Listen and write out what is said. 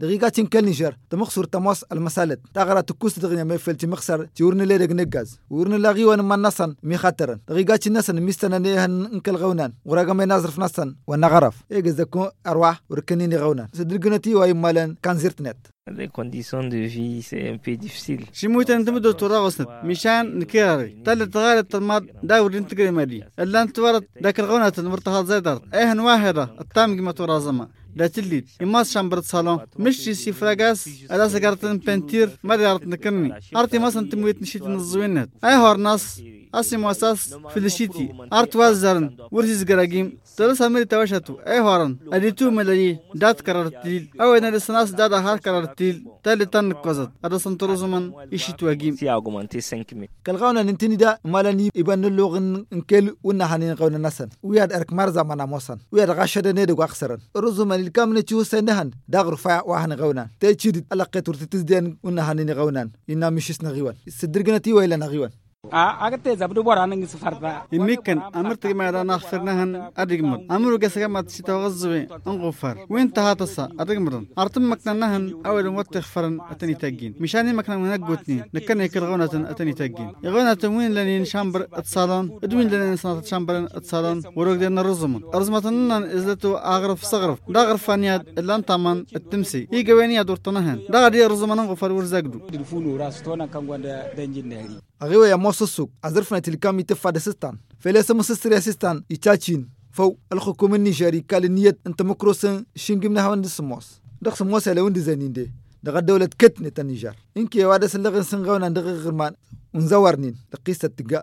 دقيقة تنكل نجر تمخسر تموس المسالت تغرى تكوس دغني ما فلت مخسر تورن لي رق نجاز ورن لاغي وان ما نصن مي خطرن دقيقة نصن ميستنا نيه انكل غونان وراغا ما نازر في نصن وانا غرف ايجزكو ارواح وركنيني غونان سدرقنتي واي مالن كان زرت نت Les conditions de vie, c'est un peu difficile. شي موت انت مدو تراغسنت مشان نكيراري تال تغالي الطماد داور نتقري مالي الا انت ورد ذاك الغونات المرتهات زيدر ايه واحدة التامق ما ترازمه لاتليد إماس شامبر صالون مش سي فراغاس ألا سكرتن بنتير مريارت نكرني أرتي ماس انتمويت نشيت نزوينت أي هورناس اسي مؤسس فلشيتي ارت وزرن ورسيز غراغيم ترى سامري توشتو اي هورن ادي تو ملي دات قررتيل او انا لسناس دادا هار قررتيل تالي تن قزت ادا سنتروزمن ايشي توغيم سي اغومنتي سنكمي كالغاونا ننتني دا مالاني ابن اللغن انكل ونا حنين قونا نسن وياد ارك مرزا مانا موسن وياد غشد نيد غخسرن رزمن الكامن تشو سنهن داغر فا واحن غونا تيتشيد الاقيت ورتتزدين ونا حنين غونا ينا مشيس نغيوان سدرغنتي ويلا نغيوان imikan amirtigimaada naqsirnahan adigmad amuruga sagamad sitawazwe anqufar winta hatasa adigmadan artum maknanahan awalum wattiq faran atani taggin mishani maknan wanagutni nakane kirgonatan atani taggin igonatan win lanin shambar atsalan edwin lanin sanat shambaran atsalan warogdana ruzumun arzmatannan izlatu agraf sagraf dagr faniyad ilan taman attimsi igawaniya durtanahan dagr ya ruzumanan qufar wurzagdu dilfulu rastona kangwanda danjin nahri agiwa ya mosu سسوك عزرفنا تلكامي تفاد سستان فلا سمو سستريا سستان يتاچين فو الحكومة النيجيري كالنية انت مكروسن شنجمنا هوان دسموس دخ سموس على وين ديزاينين دي دغ دولة كتنة النيجر إنك يا وادس اللغن سنغونا دغ غرمان ونزورنين دقيسة تقا